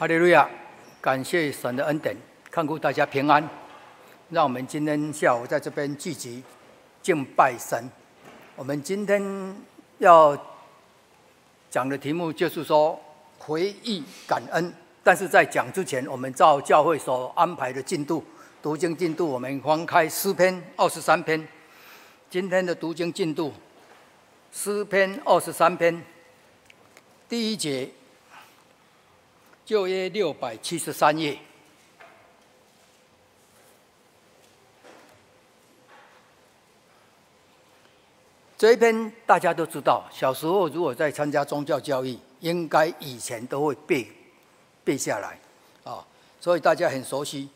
哈利路亞！感謝神的恩典，看顧大家平安。讓我們今天下午在這邊聚集敬拜神。我們今天要講的題目就是說回憶感恩。但是在講之前，我們照教會所安排的進度讀經進度，我們翻開詩篇二十三篇。今天的讀經進度，詩篇二十三篇第一節。舊約六百七十三頁。這一篇大家都知道，小時候如果在參加宗教教育，應該以前都會背背下來，啊，所以大家很熟悉。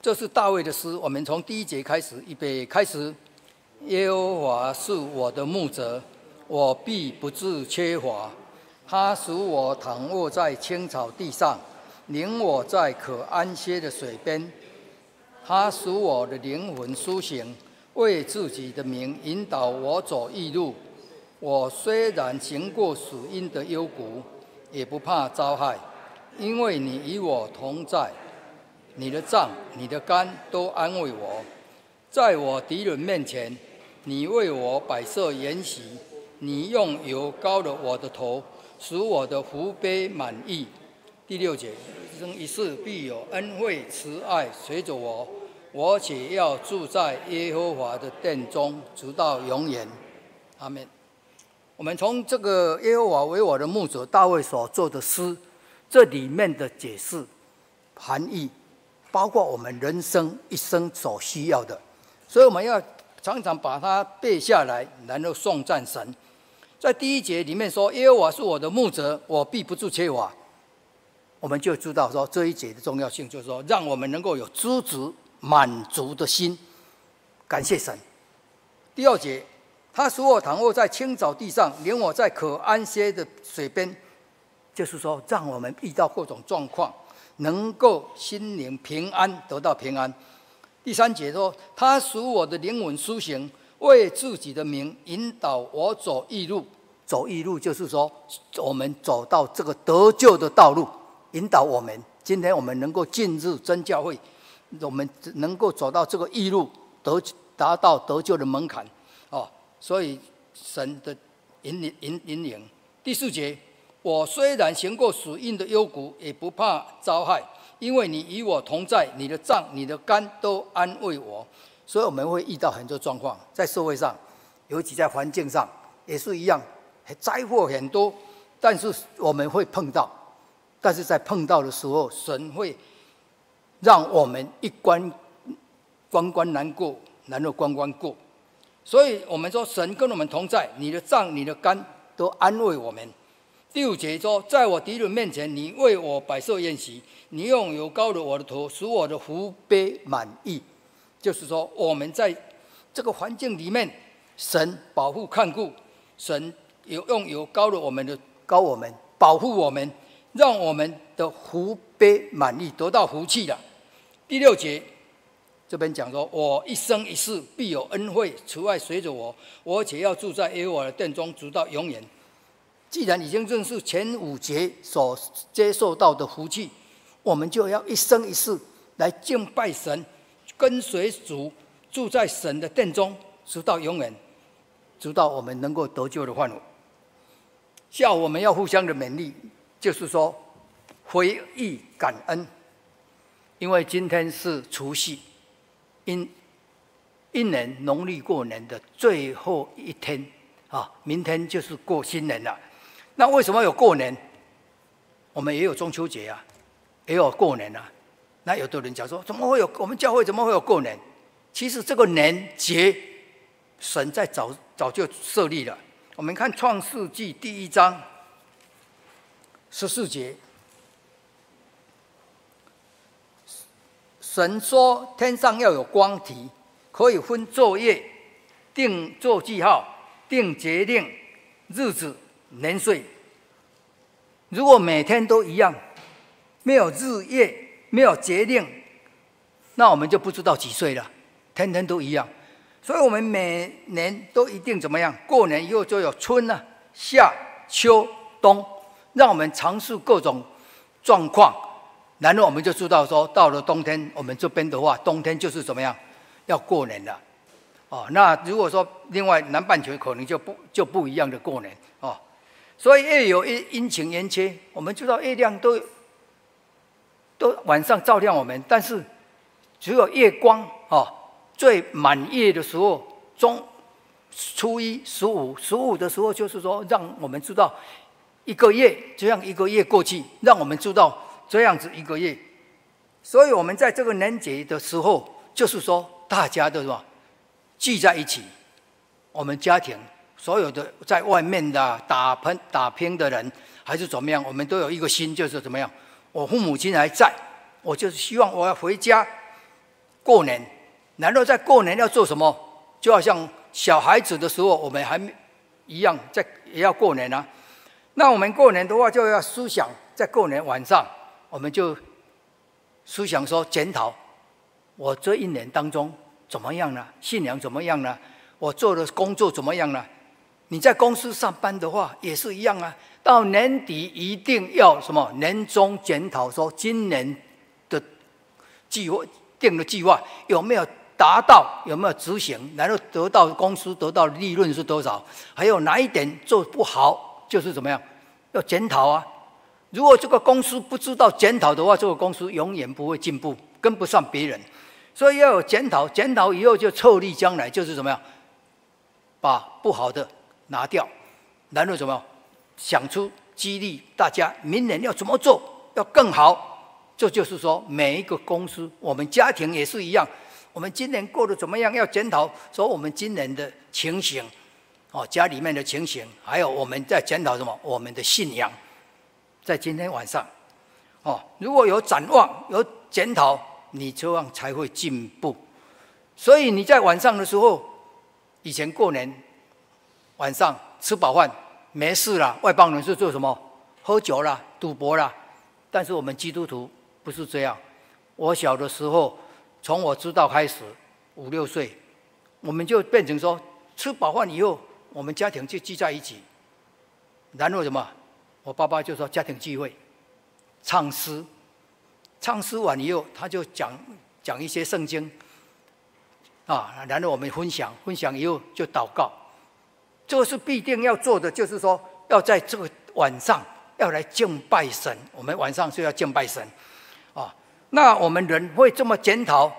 這是大衛的詩，我們從第一節開始，預備開始。耶和華是我的牧者，我必不致缺乏。他使我躺臥在青草地上，領我在可安歇的水邊。他使我的靈魂蘇醒，為自己的名引導我走義路。我雖然行過死蔭的幽谷，也不怕遭害，因為你與我同在。你的杖、你的竿都安慰我，在我敵人面前，你為我擺設筵席，你用油膏了我的頭。使我的福杯滿溢。第六節，一生一世必有恩惠慈愛隨着我，我且要住在耶和華的殿中，直到永遠。阿門。我們從這個耶和華為我的牧者大衛所做的詩，這裡面的解釋含義，包括我們人生一生所需要的，所以我們要常常把它背下來，然後頌讚神。在第一節裡面說：“耶和華是我的牧者，我必不致缺乏。”我們就知道說這一節的重要性，就是說讓我們能夠有知足，足滿足的心，感謝神。第二節，他使我躺臥在青草地上，領我在可安歇的水邊，就是說讓我們遇到各種狀況，能夠心靈平安得到平安。第三節說，他使我的靈魂甦醒。為自己的名引導我走義路，走義路就是說，我們走到這個得救的道路，引導我們。今天我們能夠進入真教會，我們能夠走到這個義路，得達到得救的門檻。哦，所以神的引領，引引領。第四節，我雖然行過死蔭的幽谷，也不怕遭害，因為你與我同在，你的杖、你的竿，都安慰我。所以我們會遇到很多狀況，在社會上，尤其在環境上也是一樣，災禍很多，但是我們會碰到，但是在碰到的時候，神會讓我們一關關關難過，難過關關過。所以我們說，神跟我們同在，你的杖、你的竿都安慰我們。第五節說，在我敵人面前，你為我擺設宴席，你用油膏了我的頭，使我的福杯滿溢。就是說，我們在這個環境裡面，神保護看顧，神有用有高了我們的高我們，保護我們，讓我們的福杯滿溢，得到福氣了。第六節，這邊講說，我一生一世必有恩惠，除外隨着我，我且要住在耶和華的殿中，直到永遠。既然已經認識前五節所接受到的福氣，我們就要一生一世來敬拜神。跟隨主住在神的殿中，直到永遠，直到我們能夠得救的範圍。下午我們要互相的勉勵，就是說，回憶感恩，因為今天是除夕，因為一年農曆過年的最後一天啊，明天就是過新年了。那為什麼有過年？我們也有中秋節啊，也有過年啊。那有的人講說，怎麼會有，我們教會怎麼會有過年？其實這個年節，神在早早就設立了。我們看創世紀第一章十四節，神說天上要有光體，可以分晝夜，定做記號，定節令、日子、年歲。如果每天都一樣，沒有日夜。沒有節令，那我們就不知道幾歲了，天天都一樣，所以我們每年都一定怎麼樣？過年以後就有春夏、秋、冬，讓我們嘗試各種狀況，然後我們就知道說，到了冬天，我們這邊的話，冬天就是怎麼樣，要過年了，哦，那如果說另外南半球可能就不就不一樣的過年哦，所以月有陰陰晴圓缺，我們知道月亮都有。都晚上照亮我們，但是只有月光哦。最滿月的時候，中初一、十五、十五的時候，就是說讓我們知道一個月這樣一個月過去，讓我們知道這樣子一個月。所以我們在這個年節的時候，就是說大家都什麼聚在一起，我們家庭所有的在外面的打拼打拼的人還是怎麼樣，我們都有一個心，就是怎麼樣。我父母親還在，我就是希望我要回家過年。難道在過年要做什麼？就好像小孩子的時候，我們還一樣在也要過年啊。那我們過年的話，就要思想在過年晚上，我們就思想說檢討我這一年當中怎麼樣呢？信仰怎麼樣呢？我做的工作怎麼樣呢？你在公司上班的話也是一樣啊，到年底一定要什麼年終檢討，說今年的計劃定的計劃有沒有達到，有沒有執行，然後得到公司得到利潤是多少，還有哪一點做不好，就是怎麼樣要檢討啊。如果這個公司不知道檢討的話，這個公司永遠不會進步，跟不上別人，所以要有檢討。檢討以後就確立將來就是怎麼樣，把不好的。拿掉，然後什麼？想出激勵大家明年要怎麼做，要更好。這就是說，每一個公司，我們家庭也是一樣。我們今年過得怎麼樣？要檢討，說我們今年的情形，哦，家裡面的情形，還有我們在檢討什麼？我們的信仰。在今天晚上，哦，如果有展望，有檢討，你這樣才會進步。所以你在晚上的時候，以前過年。晚上吃飽飯沒事了，外邦人是做什麼？喝酒啦，賭博啦。但是我們基督徒不是這樣。我小的時候，從我知道開始，五六歲，我們就變成說，吃飽飯以後，我們家庭就聚在一起。然後什麼？我爸爸就說家庭聚會，唱詩，唱詩完以後，他就講講一些聖經。啊，然後我們分享分享以後就禱告。這是必定要做的，就是說要在這個晚上要來敬拜神。我們晚上就要敬拜神，啊，那我們人會這麼檢討，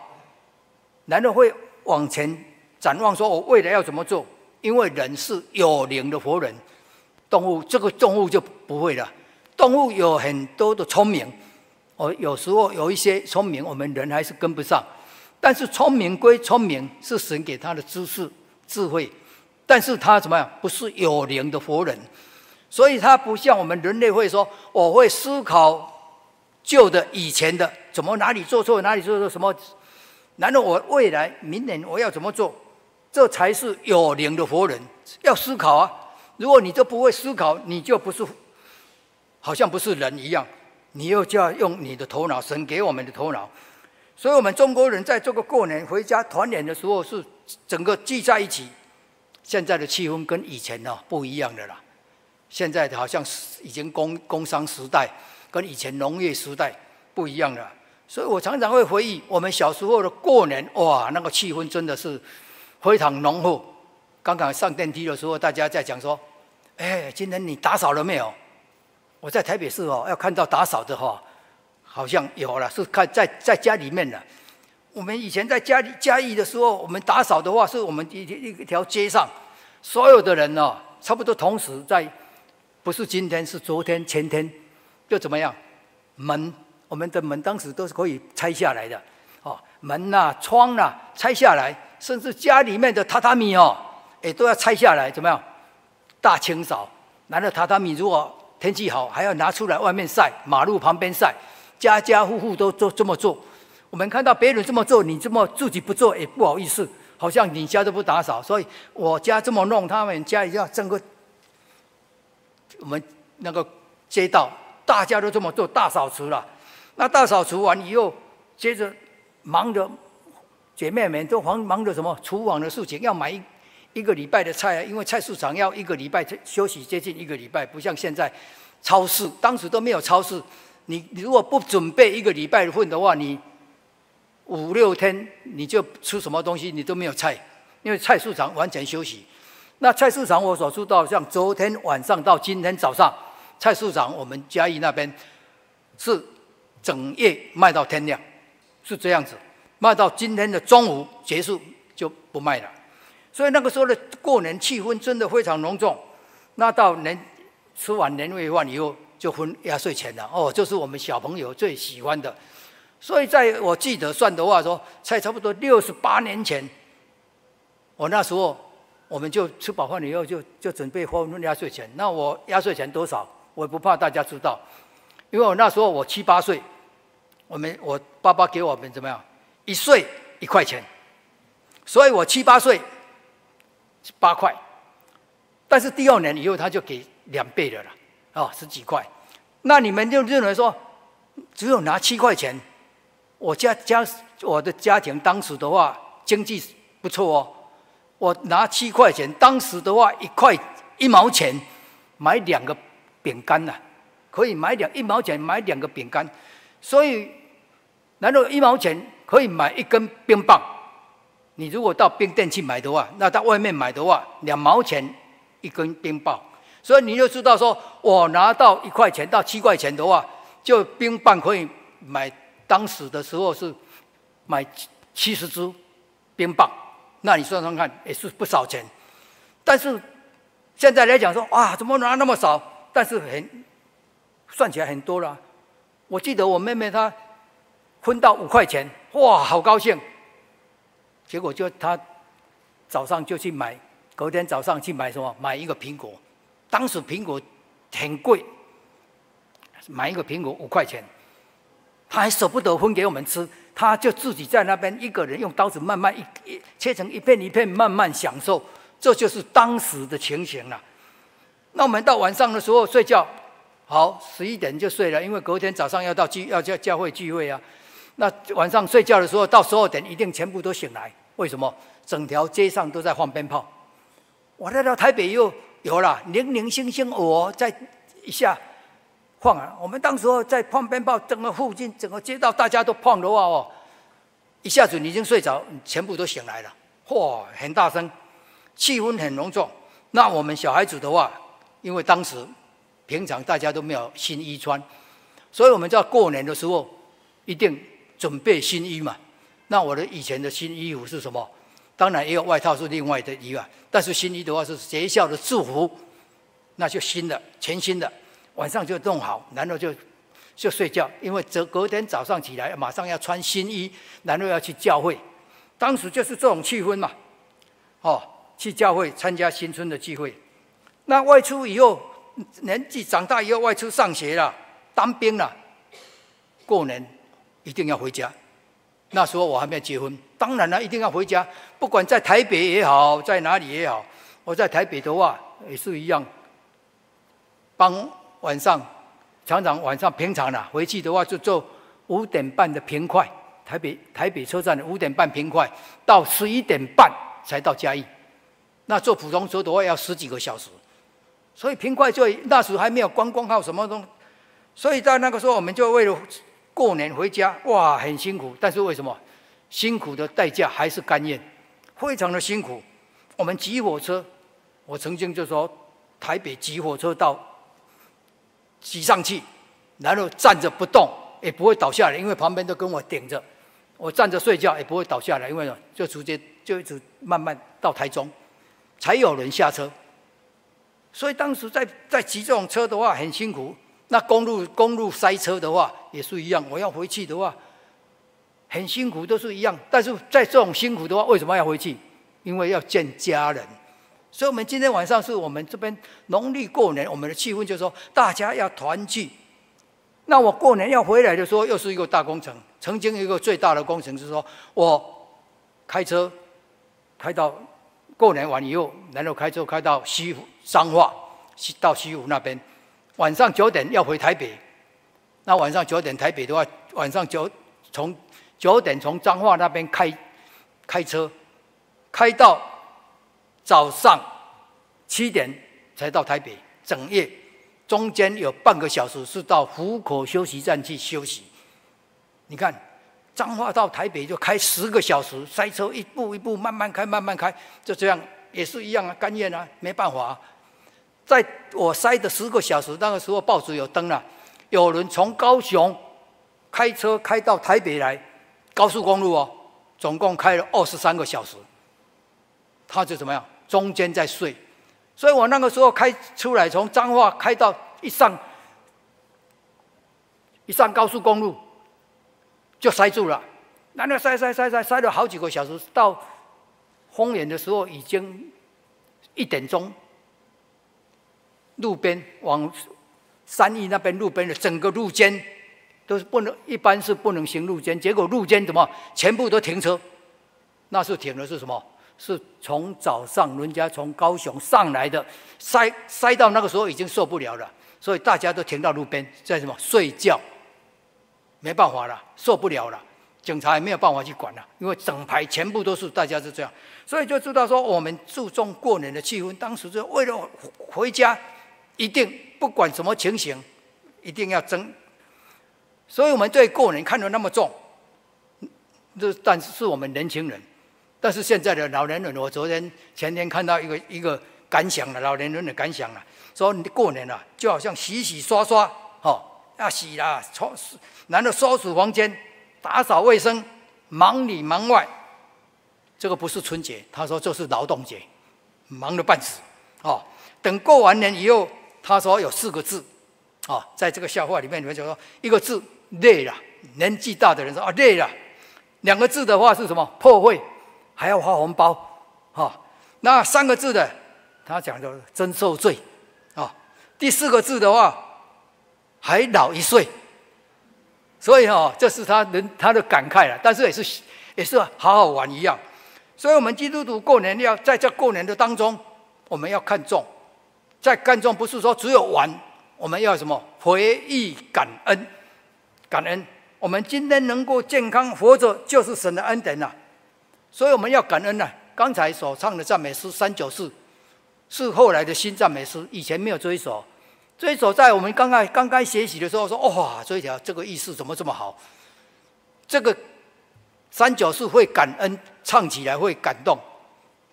難道會往前展望，說我未來要怎麼做？因為人是有靈的活人，動物這個動物就不會了。動物有很多的聰明、哦，我有時候有一些聰明，我們人還是跟不上。但是聰明歸聰明，是神給他的知識智慧。但是他怎麼樣？不是有靈的活人，所以他不像我們人類會說：“我會思考舊的、以前的，怎麼哪裡做錯，哪裡做錯什麼？然後我未來明年我要怎麼做？”這才是有靈的活人要思考啊！如果你都不會思考，你就不是好像不是人一樣，你又就要用你的頭腦，神給我們的頭腦。所以，我們中國人在這個過年回家團年的時候，是整個聚在一起。現在的氣氛跟以前呢不一樣的啦，現在的好像已經工工商時代，跟以前農業時代不一樣了。所以我常常會回憶我們小時候的過年，哇，那個氣氛真的是非常濃厚。剛剛上電梯的時候，大家在講說，誒，今天你打掃了沒有？我在台北市哦，要看到打掃的話，好像有了，是看在在家裡面呢。我們以前在家裡家裡的時候，我們打掃的話，是我們一一,一條街上所有的人哦，差不多同時在，不是今天是昨天前天，就怎麼樣？門，我們的門當時都是可以拆下來的，哦，門吶、啊、窗吶、啊、拆下來，甚至家裡面的榻榻米哦，也都要拆下來，怎麼樣？大清掃，然後榻榻米如果天氣好，還要拿出來外面曬，馬路旁邊曬，家家戶戶都做這麼做。我們看到別人這麼做，你這麼自己不做也不好意思，好像你家都不打掃。所以我家這麼弄，他們家也要整個我們那個街道，大家都這麼做大掃除了。那大掃除完以後，接着忙着姐妹們都忙忙着什麼？廚房的事情要買一一個禮拜的菜啊，因為菜市場要一個禮拜休休息接近一個禮拜，不像現在超市，當時都沒有超市。你如果不準備一個禮拜的份的話，你五六天你就吃什麼東西？你都沒有菜，因為菜市場完全休息。那菜市場我所知道，像昨天晚上到今天早上，菜市場我們嘉義那邊是整夜賣到天亮，是這樣子，賣到今天的中午結束就不賣了。所以那個時候的過年氣氛真的非常隆重。那到年吃完年夜飯以後，就分壓歲錢了。哦，這、就是我們小朋友最喜歡的。所以，在我記得算的話說，說在差不多六十八年前，我那時候我們就吃飽飯以後就，就就準備花我們的壓歲錢。那我壓歲錢多少？我也不怕大家知道，因為我那時候我七八歲，我們我爸爸給我們怎麼樣？一歲一塊錢，所以我七八歲八塊，但是第二年以後他就給兩倍的了，啊、哦，十幾塊。那你們就認為說，只有拿七塊錢？我家家我的家庭當時的話經濟不錯哦，我拿七塊錢，當時的話一塊一毛錢買兩個餅乾吶、啊，可以買兩一毛錢買兩個餅乾，所以然後一毛錢可以買一根冰棒。你如果到冰店去買的話，那到外面買的話兩毛錢一根冰棒，所以你就知道說我拿到一塊錢到七塊錢的話，就冰棒可以買。當時的時候是買七七十支冰棒，那你算算看，也是不少錢。但是現在來講說啊，怎麼拿那麼少？但是很算起來很多了。我記得我妹妹她分到五塊錢，哇，好高興。結果就她早上就去買，隔天早上去買什麼？買一個蘋果。當時蘋果很貴，買一個蘋果五塊錢。他還捨不得分給我們吃，他就自己在那邊一個人用刀子慢慢一一，一切成一片一片，慢慢享受。這就是當時的情形了啊。那我們到晚上的時候睡覺，好，十一點就睡了，因為隔天早上要到聚要叫教會聚會啊。那晚上睡覺的時候，到十二點一定全部都醒來。為什麼？整條街上都在放鞭炮。我來到台北又有了零零星星我，我在一下。放啊！我們當時候在放鞭炮，整個附近，整個街道，大家都放的話哦，一下子你已經睡着，全部都醒來了。哇，很大聲，氣氛很隆重。那我們小孩子的話，因為當時平常大家都沒有新衣穿，所以我們在過年的時候一定準備新衣嘛。那我的以前的新衣服是什麼？當然也有外套是另外的衣啊，但是新衣的話是學校的制服，那就新的，全新的。晚上就弄好，然後就就睡覺，因為這隔天早上起來馬上要穿新衣，然後要去教會。當時就是這種氣氛嘛，哦，去教會參加新春的聚會。那外出以後，年紀長大以後外出上學了，當兵了，過年一定要回家。那時候我還沒有結婚，當然了一定要回家，不管在台北也好，在哪裡也好，我在台北的話也是一樣，幫。晚上，常常晚上平常呢、啊，回去的話就坐五點半的平快，台北台北車站的五點半平快，到十一點半才到嘉義，那坐普通車的話要十幾個小時，所以平快就那時還沒有觀光號什麼東西，所以在那個時候我們就為了過年回家，哇，很辛苦。但是為什麼辛苦的代價還是甘願？非常的辛苦，我們擠火車，我曾經就說台北擠火車到擠上去，然後站着不動，也不會倒下來，因為旁邊都跟我頂着。我站着睡覺也不會倒下來，因為就直接就一直慢慢到台中，才有人下車。所以當時在在騎這種車的話很辛苦，那公路公路塞車的話也是一樣。我要回去的話很辛苦，都是一樣。但是在這種辛苦的話，為什麼要回去？因為要見家人。所以我們今天晚上是我們這邊農曆過年，我們的氣氛就是說大家要團聚。那我過年要回來的時候，又是一個大工程。曾經一個最大的工程是說，我開車開到過年完以後，然後開車開到西湖、彰化，西到西湖那邊，晚上九點要回台北。那晚上九點台北的話，晚上九從九點從彰化那邊開開車開到，早上七點才到台北，整夜中間有半個小時是到湖口休息站去休息。你看，彰化到台北就開十個小時，塞車一步一步慢慢開，慢慢開，就這樣也是一樣啊，甘願啊，沒辦法啊。在我塞的十個小時，那個時候報紙有登了啊，有人從高雄開車開到台北來，高速公路哦，總共開了二十三個小時，他就怎麼樣？中間在睡，所以我那個時候開出來，從彰化，開到一上一上高速公路就塞住了，然後塞，塞塞塞塞塞了好幾個小時，到豐原的時候已經一點鐘。路邊往三義那邊路邊的整個路肩都是不能，一般是不能行路肩，結果路肩怎麼全部都停車？那時候停的是什麼？是從早上，人家從高雄上來的塞，塞塞到那個時候已經受不了了，所以大家都停到路邊，在什麼睡覺，沒辦法了，受不了了，警察也沒有辦法去管了，因為整排全部都是大家是這樣，所以就知道說我們注重過年的氣氛，當時是為了回家，一定不管什麼情形，一定要爭，所以我們對過年看得那麼重，這但是我們年輕人。但是現在的老年人，我昨天前天看到一個一個感想了，老年人的感想了，說你過年了、啊，就好像洗洗刷刷，哈，啊洗啦，男的收拾房間、打掃衛生，忙裡忙外。這個不是春節，他說這是勞動節，忙得半死啊、哦！等過完年以後，他說有四個字啊、哦，在這個笑話裡面裡面就是說一個字累了，年紀大的人說啊累了，兩個字的話是什麼破費。還要發紅包，哈、哦，那三個字的，他講的真受罪，啊、哦，第四個字的話，還老一歲，所以哈、哦，這是他人他的感慨了，但是也是也是好好玩一樣，所以我們基督徒過年要在這過年的當中，我們要看重，在看重不是說只有玩，我們要什麼回憶感恩，感恩，我們今天能夠健康活着，就是神的恩典了、啊。所以我們要感恩呢、啊。剛才所唱的讚美詩《三九四》是後來的新讚美詩，以前沒有這一首。這一首在我們剛剛剛剛學習的時候說，說、哦、哇，這一條這個意思怎麼這麼好？這個三九四會感恩，唱起來會感動，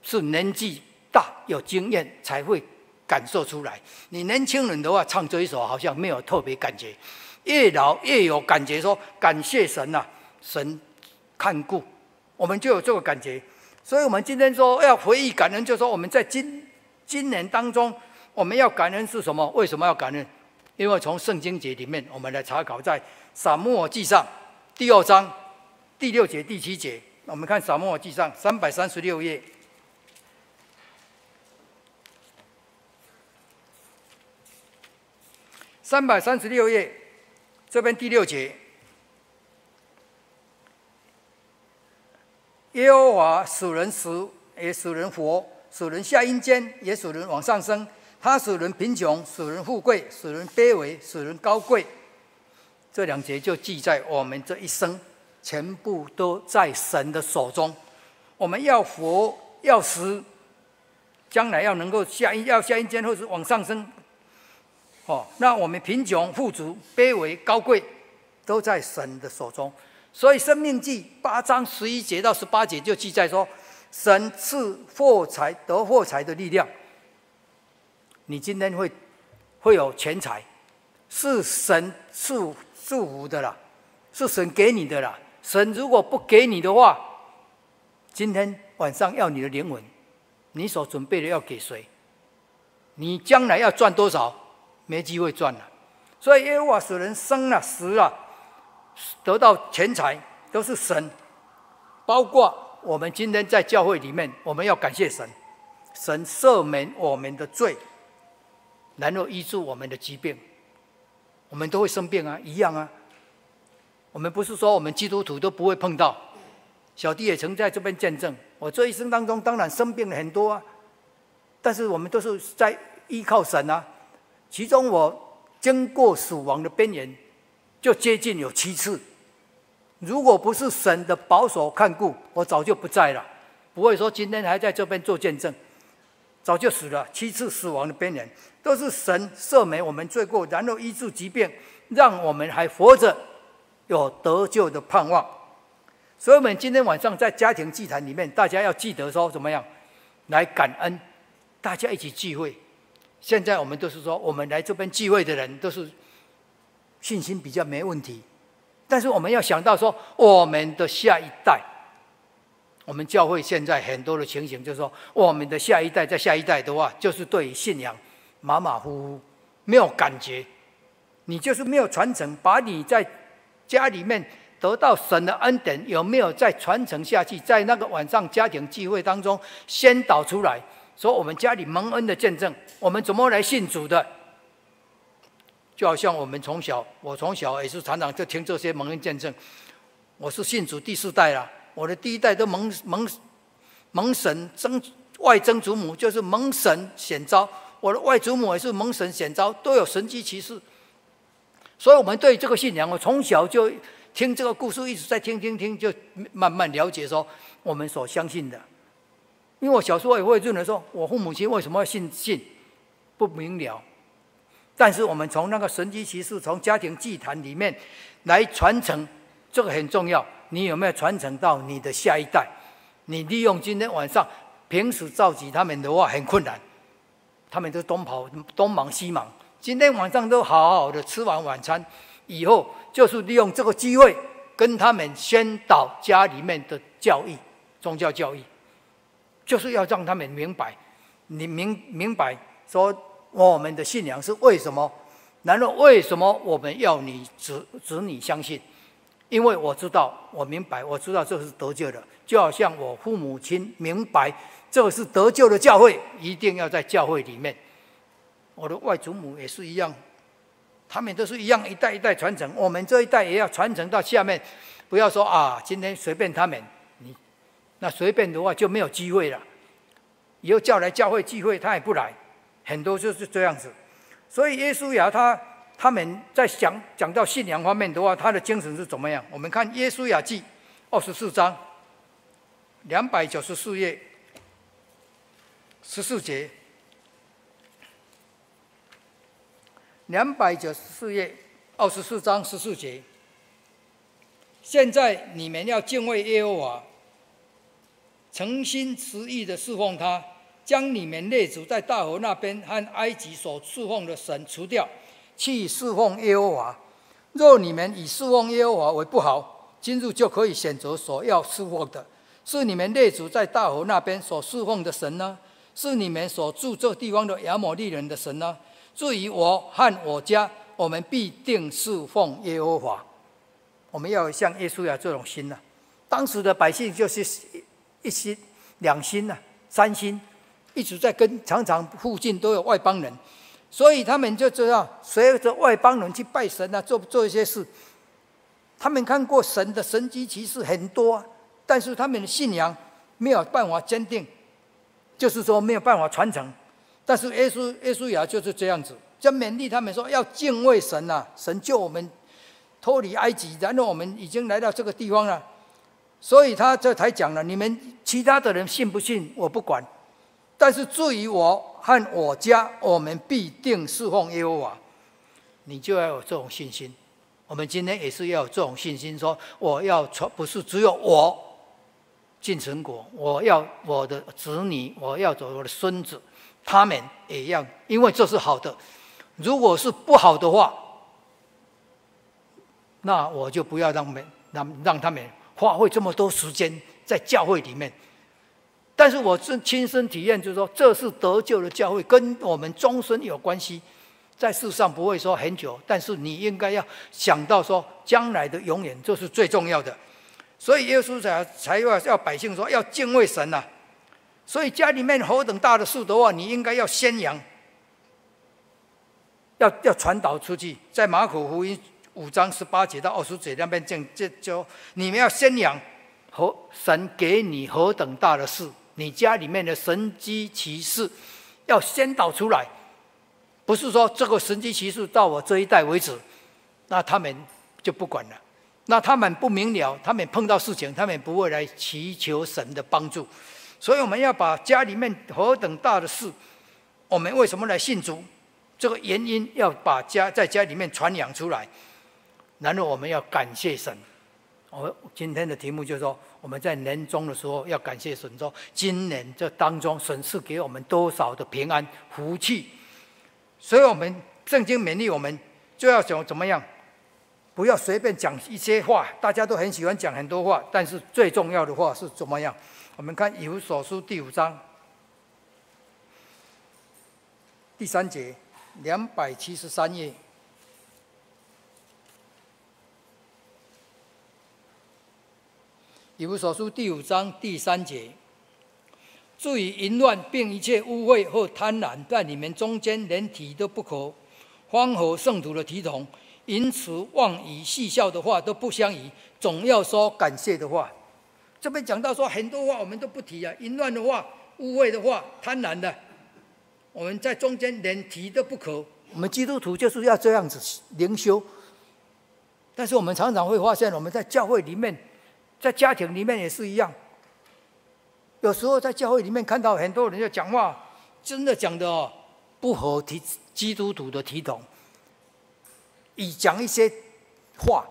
是年紀大有經驗才會感受出來。你年輕人的話唱這一首，好像沒有特別感覺。越老越有感覺說，說感謝神吶、啊，神看顧。我們就有這個感覺，所以我們今天說要回憶感恩，就是說我們在今今年當中，我們要感恩是什麼？為什麼要感恩？因為從聖經節裡面，我們來查考在撒母耳記上第二章第六節、第七節。我們看撒母耳記上三百三十六頁，三百三十六頁這邊第六節。耶和華使人死，也使人活；使人下陰間，也使人往上升。他使人貧窮，使人富貴，使人卑微，使人高貴。這兩節就記在我們這一生，全部都在神的手中。我們要活，要死，將來要能夠下陰要下陰間，或是往上升。哦，那我們貧窮、富足、卑微、高貴，都在神的手中。所以《申命記》八章十一節到十八節就記載說，神賜貨財得貨財的力量。你今天會會有錢財，是神賜祝福的啦，是神給你的啦。神如果不給你的話，今天晚上要你的靈魂，你所準備的要給誰？你將來要賺多少？沒機會賺了。所以耶和華使人生了，啊，死了，啊。得到錢財都是神，包括我們今天在教會裡面，我們要感謝神，神赦免我們的罪，然後醫治我們的疾病。我們都會生病啊，一樣啊。我們不是說我們基督徒都不會碰到，小弟也曾在這邊見證，我這一生當中當然生病了很多啊，但是我們都是在依靠神啊。其中我經過死亡的邊緣。就接近有七次，如果不是神的保守看顧，我早就不在了，不會說今天還在這邊做見證，早就死了。七次死亡的邊緣，都是神赦免我們罪過，然後醫治疾病，讓我們還活着，有得救的盼望。所以我們今天晚上在家庭祭壇裡面，大家要記得說怎麼樣來感恩，大家一起聚會。現在我們都是說，我們來這邊聚會的人都是。信心比較沒問題，但是我們要想到說，我們的下一代，我們教會現在很多的情形，就是說，我們的下一代在下一代的話，就是對於信仰馬馬虎虎，沒有感覺。你就是沒有傳承，把你在家裡面得到神的恩典，有沒有再傳承下去？在那個晚上家庭聚會當中，先導出來，說我們家裡蒙恩的見證，我們怎麼來信主的？就好像我們從小，我從小也是常常就聽這些蒙恩見證。我是信主第四代了，我的第一代都蒙蒙蒙神曾外曾祖母就是蒙神顯昭，我的外祖母也是蒙神顯昭，都有神蹟奇事。所以我們對這個信仰，我從小就聽這個故事，一直在聽聽聽，就慢慢了解說我們所相信的。因為我小時候也會認人說，我父母親為什麼要信信不明了。但是我們從那個神蹟奇事，從家庭祭壇裡面來傳承，這個很重要。你有沒有傳承到你的下一代？你利用今天晚上，平時召集他們的話很困難，他們都東跑東忙西忙。今天晚上都好好的吃完晚餐以後，就是利用這個機會跟他們宣導家裡面的教育、宗教教育，就是要讓他們明白，你明明白說。我們的信仰是為什麼？然後為什麼我們要你子子女相信？因為我知道，我明白，我知道這是得救的，就好像我父母親明白這是得救的教會，一定要在教會裡面。我的外祖母也是一樣，他們都是一樣一代一代傳承。我們這一代也要傳承到下面，不要說啊，今天隨便他們，你那隨便的話就沒有機會了。以後叫來教會聚會，他也不來。很多就是這樣子，所以約書亞他他們在講講到信仰方面的話，他的精神是怎麼樣？我們看《約書亞記》二十四章兩百九十四頁十四節，兩百九十四頁二十四章十四節。現在你們要敬畏耶和華，誠心實意的侍奉他。將你們列祖在大河那邊和埃及所侍奉的神除掉，去侍奉耶和華。若你們以侍奉耶和華為不好，今日就可以選擇所要侍奉的。是你們列祖在大河那邊所侍奉的神呢？是你們所住這地方的亞摩利人的神呢？至於我和我家，我們必定侍奉耶和華。我們要有像耶穌亞這種心呢、啊。當時的百姓就是一，一心、兩心、啊、三心。一直在跟，常常附近都有外邦人，所以他們就知道隨着外邦人去拜神啊做，做做一些事。他們看過神的神蹟其實很多，但是他們的信仰沒有辦法堅定，就是說沒有辦法傳承。但是耶穌耶穌亞就是這樣子，就勉勵他們說要敬畏神啊，神救我們脫離埃及，然後我們已經來到這個地方了，所以他這才講了：你們其他的人信不信我不管。但是，至於我和我家，我們必定侍奉耶和華。你就要有這種信心。我們今天也是要有這種信心說，說我要傳，不是只有我進神國，我要我的子女，我要走我的孫子，他們也要，因為這是好的。如果是不好的話，那我就不要讓們、讓讓他們花費這麼多時間在教會裡面。但是我是親身體驗，就是說，這是得救的教會，跟我們終身有關係，在世上不會說很久，但是你應該要想到說，將來的永遠就是最重要的。所以耶穌才才要要百姓說要敬畏神吶、啊。所以家裡面何等大的事的話，你應該要宣揚，要要傳導出去。在馬可福音五章十八節到二十節那邊講，這就你們要宣揚何，神給你何等大的事。你家裡面的神蹟奇事，要先導出來，不是說這個神蹟奇事到我這一代為止，那他們就不管了，那他們不明了，他們碰到事情，他們不會來祈求神的幫助，所以我們要把家裡面何等大的事，我們為什麼來信主，這個原因要把家在家裡面傳揚出來，然後我們要感謝神，我今天的題目就是說。我們在年終的時候要感謝神造，今年這當中，神賜給我們多少的平安福氣。所以，我們聖經勉勵我們就要講怎麼樣，不要隨便講一些話。大家都很喜歡講很多話，但是最重要的話是怎麼樣？我們看《以弗所書》第五章第三節，兩百七十三頁。以弗所書第五章第三節：至於淫亂，並一切污穢或貪婪，在你們中間連提都不可。方合聖徒的體統，因此妄以戲笑的話都不相宜，總要說感謝的話。這邊講到說，很多話我們都不提啊，淫亂的話、污穢的話、貪婪的，我們在中間連提都不可。我們基督徒就是要這樣子靈修。但是我們常常會發現，我們在教會裡面。在家庭裡面也是一樣。有時候在教會裡面看到很多人在講話，真的講得不合體基,基督徒的體統，以講一些話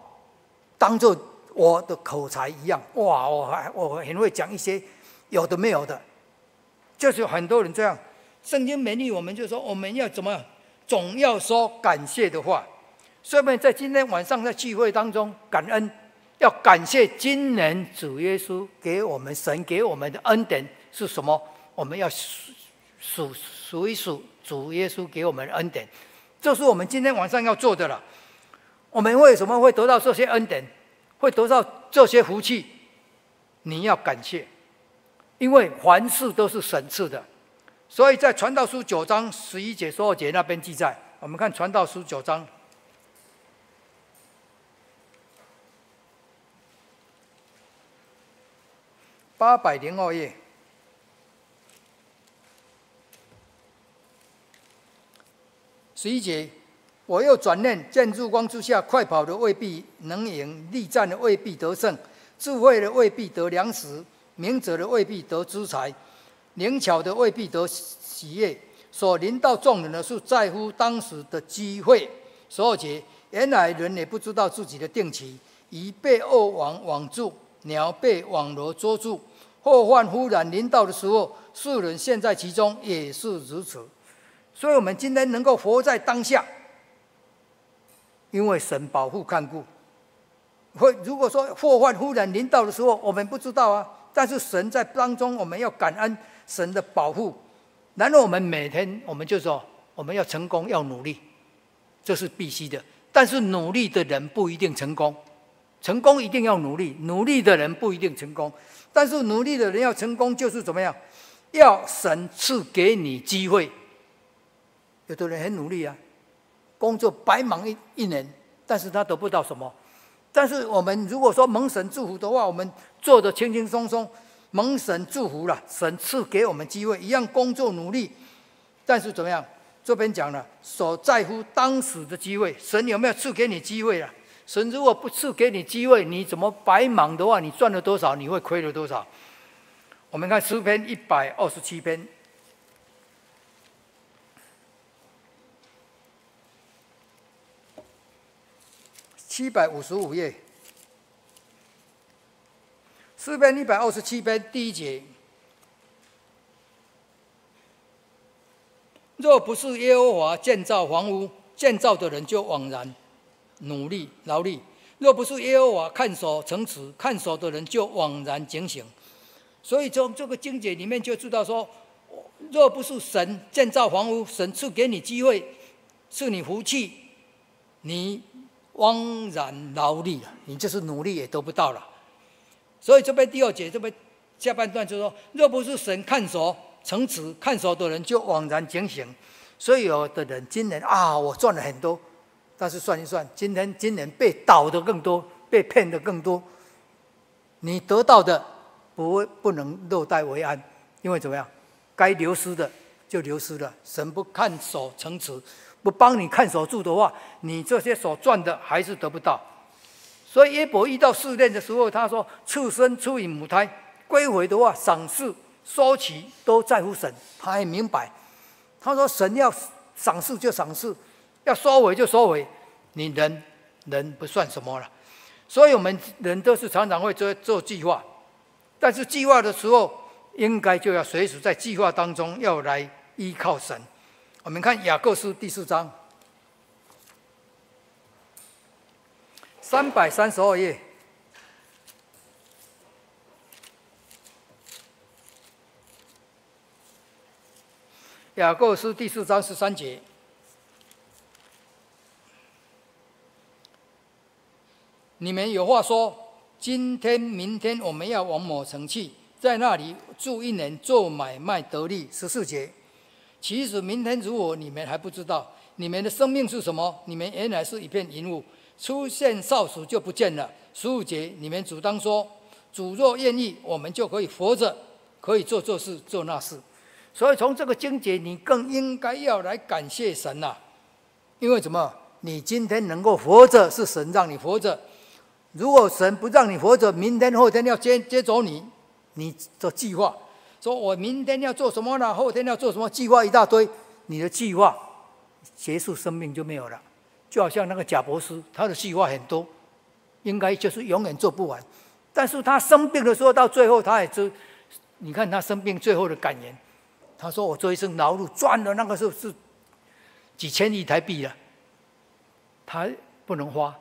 當做我的口才一樣。哇，我我很會講一些有的沒有的，就是有很多人這樣。聖經勉勵我們就說，我們要怎麼總要說感謝的話，順便在今天晚上的聚會當中感恩。要感謝今年主耶穌給我們，神給我們的恩典是什麼？我們要數數一數主耶穌給我們的恩典，這是我們今天晚上要做的了。我們為什麼會得到這些恩典，會得到這些福氣？你要感謝，因為凡事都是神賜的。所以在傳道書九章十一節、十二節那邊記載，我們看傳道書九章。八百零二頁，十一節，我又轉念，見日光之下，快跑的未必能贏，力戰的未必得勝，智慧的未必得糧食，明哲的未必得資財，靈巧的未必得喜悅。所臨到眾人的是在乎當時的機會。十二節，原來人也不知道自己的定期，已被惡網網住。要被網羅捉住，禍患忽然臨到的時候，世人陷在其中也是如此。所以，我們今天能夠活在當下，因為神保護看顧。會，如果說禍患忽然臨到的時候，我們不知道啊。但是神在當中，我們要感恩神的保護。然後我們每天，我們就說我們要成功，要努力，這是必須的。但是努力的人不一定成功。成功一定要努力，努力的人不一定成功，但是努力的人要成功就是怎麼樣？要神賜給你機會。有的人很努力啊，工作白忙一一年，但是他得不到什麼。但是我們如果說蒙神祝福的話，我們做得輕輕鬆鬆，蒙神祝福了，神賜給我們機會，一樣工作努力，但是怎麼樣？這邊講了，所在乎當時的機會，神有沒有賜給你機會了、啊？神如果不賜給你機會，你怎麼白忙的話？你賺了多少？你會虧了多少？我們看詩篇一百二十七篇，七百五十五頁，詩篇一百二十七篇第一節：若不是耶和華建造房屋，建造的人就枉然。努力勞力若不是耶和華看守城池，看守的人就枉然警醒。所以從這個經節裡面就知道說，若不是神建造房屋，神賜給你機會，賜你福氣，你枉然勞力，你就是努力也得不到了。所以這邊第二節這邊下半段就說，若不是神看守城池，看守的人就枉然警醒。所以有的人今年啊，我賺了很多。但是算一算，今天今年被倒的更多，被騙的更多。你得到的不不能落袋為安，因為怎麼樣？該流失的就流失了。神不看守城池，不幫你看守住的話，你這些所賺的還是得不到。所以約伯遇到試煉的時候，他說：“赤身出於母胎，歸回的話賞賜收取都在乎神。”他很明白，他說：“神要賞賜就賞賜。”要收回就收回，你人，人不算什麼了。所以我們人都是常常會做做計劃，但是計劃的時候，應該就要隨時在計劃當中要來依靠神。我們看雅各書第四章，三百三十二頁，雅各書第四章十三節。你們有話說，今天、明天我們要往某城去，在那裡住一年，做買賣得利。十四節，其實明天如果你們還不知道，你們的生命是什麼？你們原來是一片雲霧，出現少時就不見了。十五節，你們主張說，主若願意，我們就可以活着，可以做這事做那事。所以從這個經節，你更應該要來感謝神吶、啊，因為什麼？你今天能夠活着，是神讓你活着。如果神不讓你活着，明天後天要接接走你，你的計劃，說我明天要做什麼呢？後天要做什麼？計劃一大堆，你的計劃結束，生命就沒有了。就好像那個賈伯斯，他的計劃很多，應該就是永遠做不完。但是他生病的時候，到最後他也知，你看他生病最後的感言，他說：“我這一生勞碌賺的那個時候是，是幾千億台幣了，他不能花。”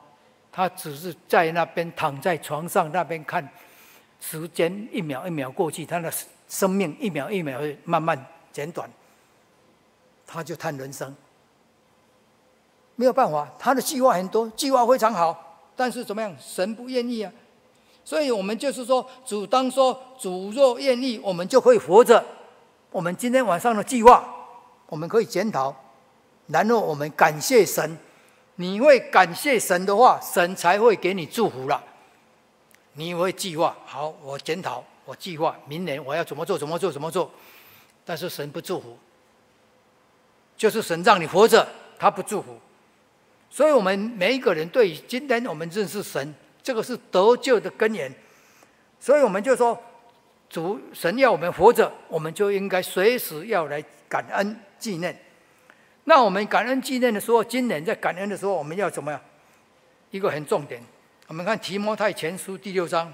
他只是在那邊躺在床上，那邊看時間一秒一秒過去，他的生命一秒一秒會慢慢減短。他就嘆人生，沒有辦法，他的計劃很多，計劃非常好，但是怎麼樣？神不願意啊！所以我們就是說，主當說，主若願意，我們就可以活着。我們今天晚上的計劃，我們可以檢討，然後我們感謝神。你會感謝神的話，神才會給你祝福了。你會計劃好，我檢討，我計劃明年我要怎麼做，怎麼做，怎麼做，但是神不祝福，就是神讓你活着，他不祝福。所以，我們每一個人對於今天我們認識神，這個是得救的根源。所以，我們就說，主神要我們活着，我們就應該隨時要來感恩紀念。那我們感恩紀念的時候，今年在感恩的時候，我們要怎麼樣？一個很重點，我們看提摩太前書第六章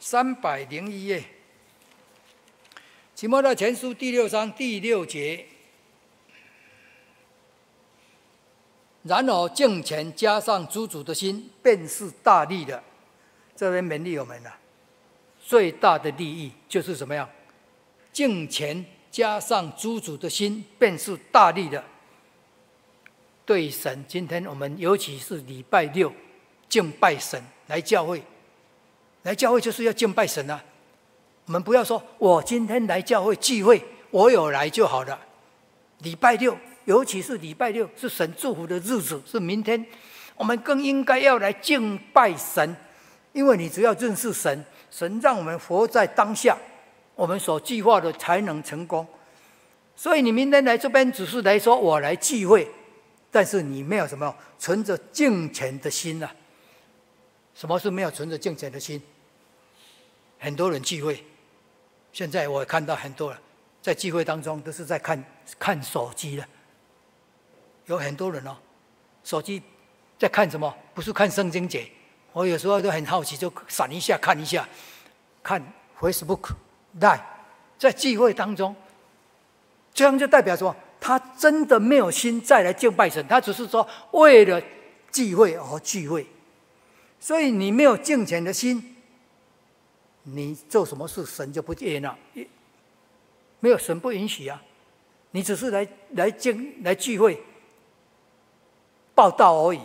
三百零一頁，提摩太前書第六章第六節。然而敬虔加上知足的心，便是大利了。這位勉勵我們吶。最大的利益就是怎麼樣？敬虔加上知足的心，便是大利了對神。今天我們尤其是禮拜六敬拜神來教會，來教會就是要敬拜神啊！我們不要說我今天來教會聚會，我有來就好了。禮拜六，尤其是禮拜六是神祝福的日子，是明天，我們更應該要來敬拜神，因為你只要認識神。神讓我們活在當下，我們所計劃的才能成功。所以你明天來這邊，只是來說我來聚會，但是你沒有什麼存着敬虔的心啊。什麼是沒有存着敬虔的心？很多人聚會，現在我看到很多人在聚會當中都是在看看手機的，有很多人哦，手機在看什麼？不是看聖經節我有時候都很好奇，就閃一下看一下，看 Facebook，那在聚會當中，這樣就代表說，他真的沒有心再來敬拜神，他只是說為了聚會而、哦、聚會。所以你沒有敬虔的心，你做什麼事神就不接納，沒有神不允許啊。你只是來來敬來聚會報道而已。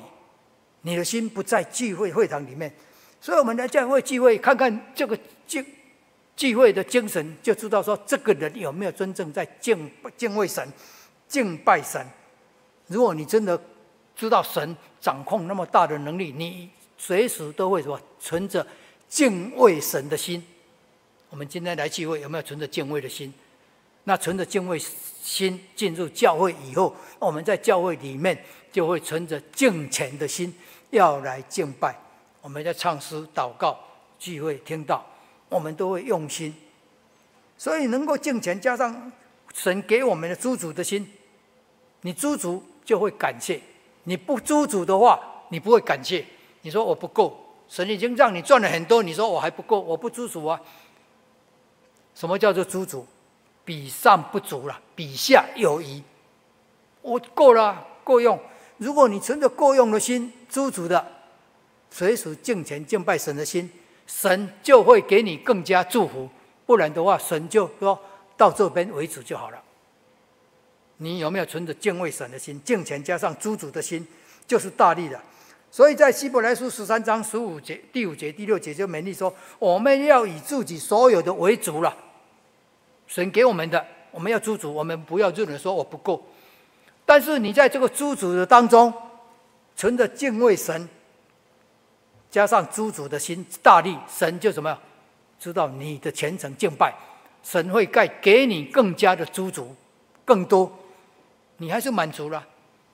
你的心不在聚會會堂裡面，所以我們來教會聚會，看看這個聚聚會的精神，就知道說這個人有沒有真正在敬敬畏神、敬拜神。如果你真的知道神掌控那麼大的能力，你隨時都會說，存着敬畏神的心。我們今天來聚會，有沒有存着敬畏的心？那存着敬畏心進入教會以後，我們在教會裡面就會存着敬虔的心要來敬拜。我們在唱詩、禱告、聚會、聽道，我們都會用心。所以能夠敬虔，加上神給我們的知足的心，你知足就會感謝。你不知足的話，你不會感謝。你說我不夠，神已經讓你賺了很多，你說我還不夠，我不知足啊？什麼叫做知足？比上不足了，比下有餘。我夠了，夠用。如果你存着夠用的心，知足的，隨時敬虔敬拜神的心，神就會給你更加祝福。不然的話，神就說到這邊為止就好了。你有沒有存着敬畏神的心？敬虔加上知足的心，就是大利了。所以在希伯來書十三章十五節、第五節、第六節就勉勵說：我們要以自己所有的為足了。神給我們的，我們要知足。我們不要認為說，我不夠。但是你在這個知足的當中存着敬畏神，加上知足的心大力，神就怎麼樣？知道你的虔誠敬拜，神會蓋給你更加的知足。更多，你還是滿足了。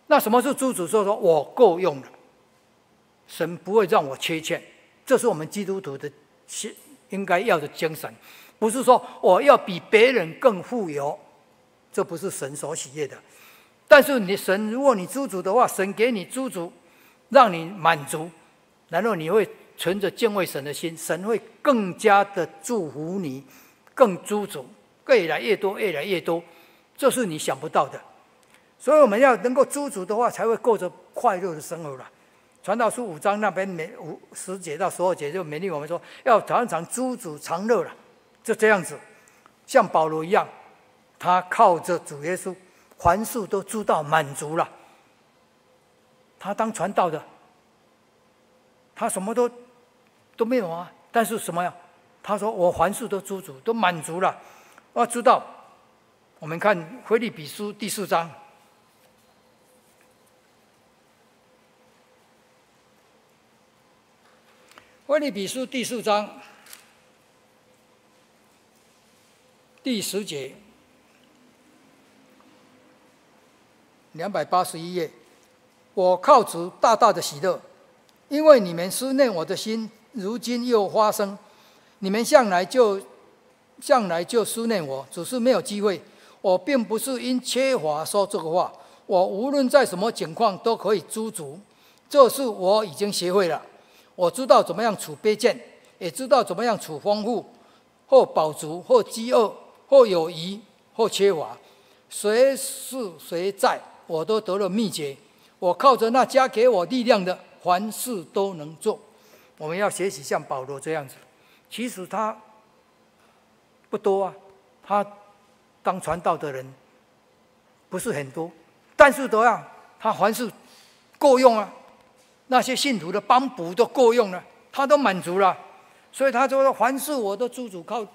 那什麼是知足說？說說我夠用了，神不會讓我缺欠。這是我們基督徒的心，應該要的精神。不是說我要比別人更富有，這不是神所喜悅的。但是你神，如果你知足的話，神給你知足，讓你滿足，然後你會存着敬畏神的心，神會更加的祝福你，更知足，越來越多，越來越多，這是你想不到的。所以我們要能夠知足的話，才會過着快樂的生活了。傳道書五章那邊十節到十二節就勉勵我們說，要常常知足常樂了。就這樣子，像保羅一樣，他靠着主耶穌，凡事都知足滿足了。他當傳道的，他什麼都都沒有啊。但是什麼呀？他說我凡事都知足，都滿足了。我知道，我們看腓立比書第四章。腓立比書第四章。第十節，兩百八十一頁。我靠主大大的喜樂，因為你們思念我的心，如今又發生。你們向來就向來就思念我，只是沒有機會。我並不是因缺乏說這個話，我無論在什麼情況都可以知足，這是我已經學會了。我知道怎麼樣處卑賤，也知道怎麼樣處豐富，或飽足，或飢餓，或有餘，或缺乏，隨事隨在，我都得了秘訣。我靠着那加給我力量的，凡事都能做。我們要學習像保羅這樣子。其實他不多啊，他當傳道的人不是很多，但是怎樣，他凡事夠用啊。那些信徒的幫補都夠用了，啊，他都滿足了，所以他說凡事我都主主靠，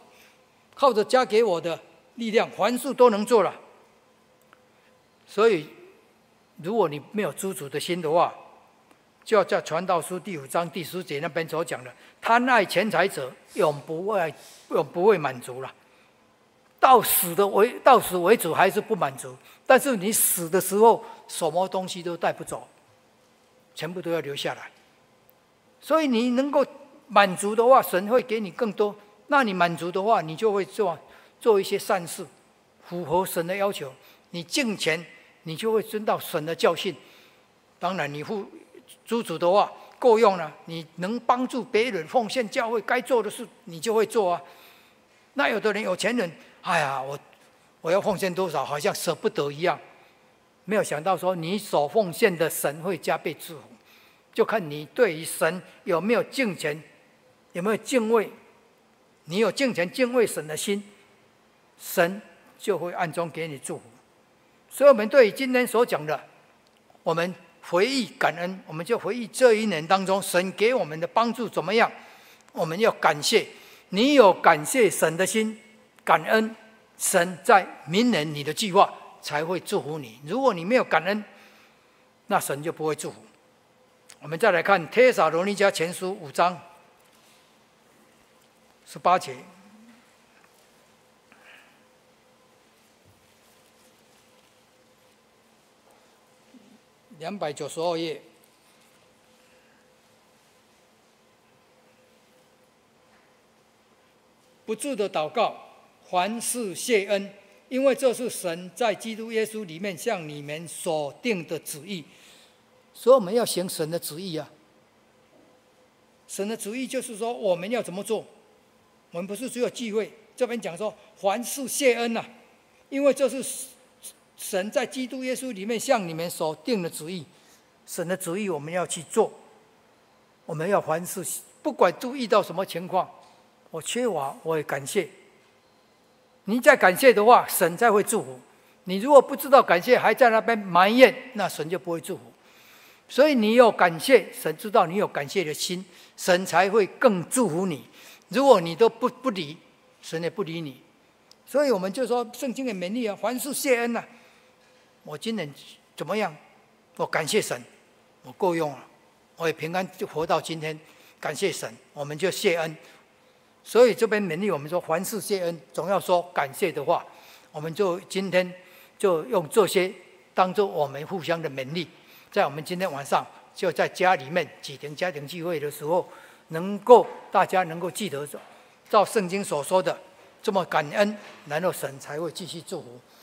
靠着加給我的力量，凡事都能做了。所以，如果你沒有知足的心的話，就要在《傳道書》第五章第十節那邊所講的：貪愛錢財者，永不為，永不會滿足了。到死的為到死為止，還是不滿足。但是你死的時候，什麼東西都帶不走，全部都要留下來。所以你能夠滿足的話，神會給你更多。那你滿足的話，你就會做做一些善事，符合神的要求。你敬虔，你就會遵照神的教訓。當然你，你付主主的話夠用了、啊，你能幫助別人，奉獻教會該做的事，你就會做啊。那有的人有錢人，哎呀，我我要奉獻多少，好像捨不得一樣。沒有想到說你所奉獻的，神會加倍祝福。就看你對於神有沒有敬虔，有沒有敬畏。你有敬虔敬畏神的心，神就會暗中給你祝福。所以我們對於今天所講的，我們回憶感恩，我們就回憶這一年當中神給我們的幫助怎麼樣，我們要感謝。你有感謝神的心，感恩，神在明年你的計劃才會祝福你。如果你沒有感恩，那神就不會祝福。我們再來看《帖撒羅尼迦前書》五章。十八節，兩百九十二頁，不住的禱告，凡事謝恩，因為這是神在基督耶穌裡面向你們所定的旨意，所以我們要行神的旨意啊。神的旨意就是說我們要怎麼做？我們不是只有聚會，這邊講說凡事謝恩吶、啊，因為這是神在基督耶穌裡面向你們所定的旨意，神的旨意我們要去做，我們要凡事不管注意到什麼情況，我缺乏我也感謝。你再感謝的話，神才會祝福你；如果不知道感謝，還在那邊埋怨，那神就不會祝福。所以你有感謝，神知道你有感謝的心，神才會更祝福你。如果你都不不理，神也不理你，所以我們就說聖經的勉勵啊，凡事謝恩吶、啊。我今年怎麼樣？我感謝神，我夠用了，我也平安就活到今天，感謝神，我們就謝恩。所以這邊勉勵我們說，凡事謝恩，總要說感謝的話。我們就今天就用這些當做我們互相的勉勵，在我們今天晚上就在家裡面舉行家庭聚會的時候。能夠大家能夠記得，着，照聖經所說的，這麼感恩，然後神才會繼續祝福。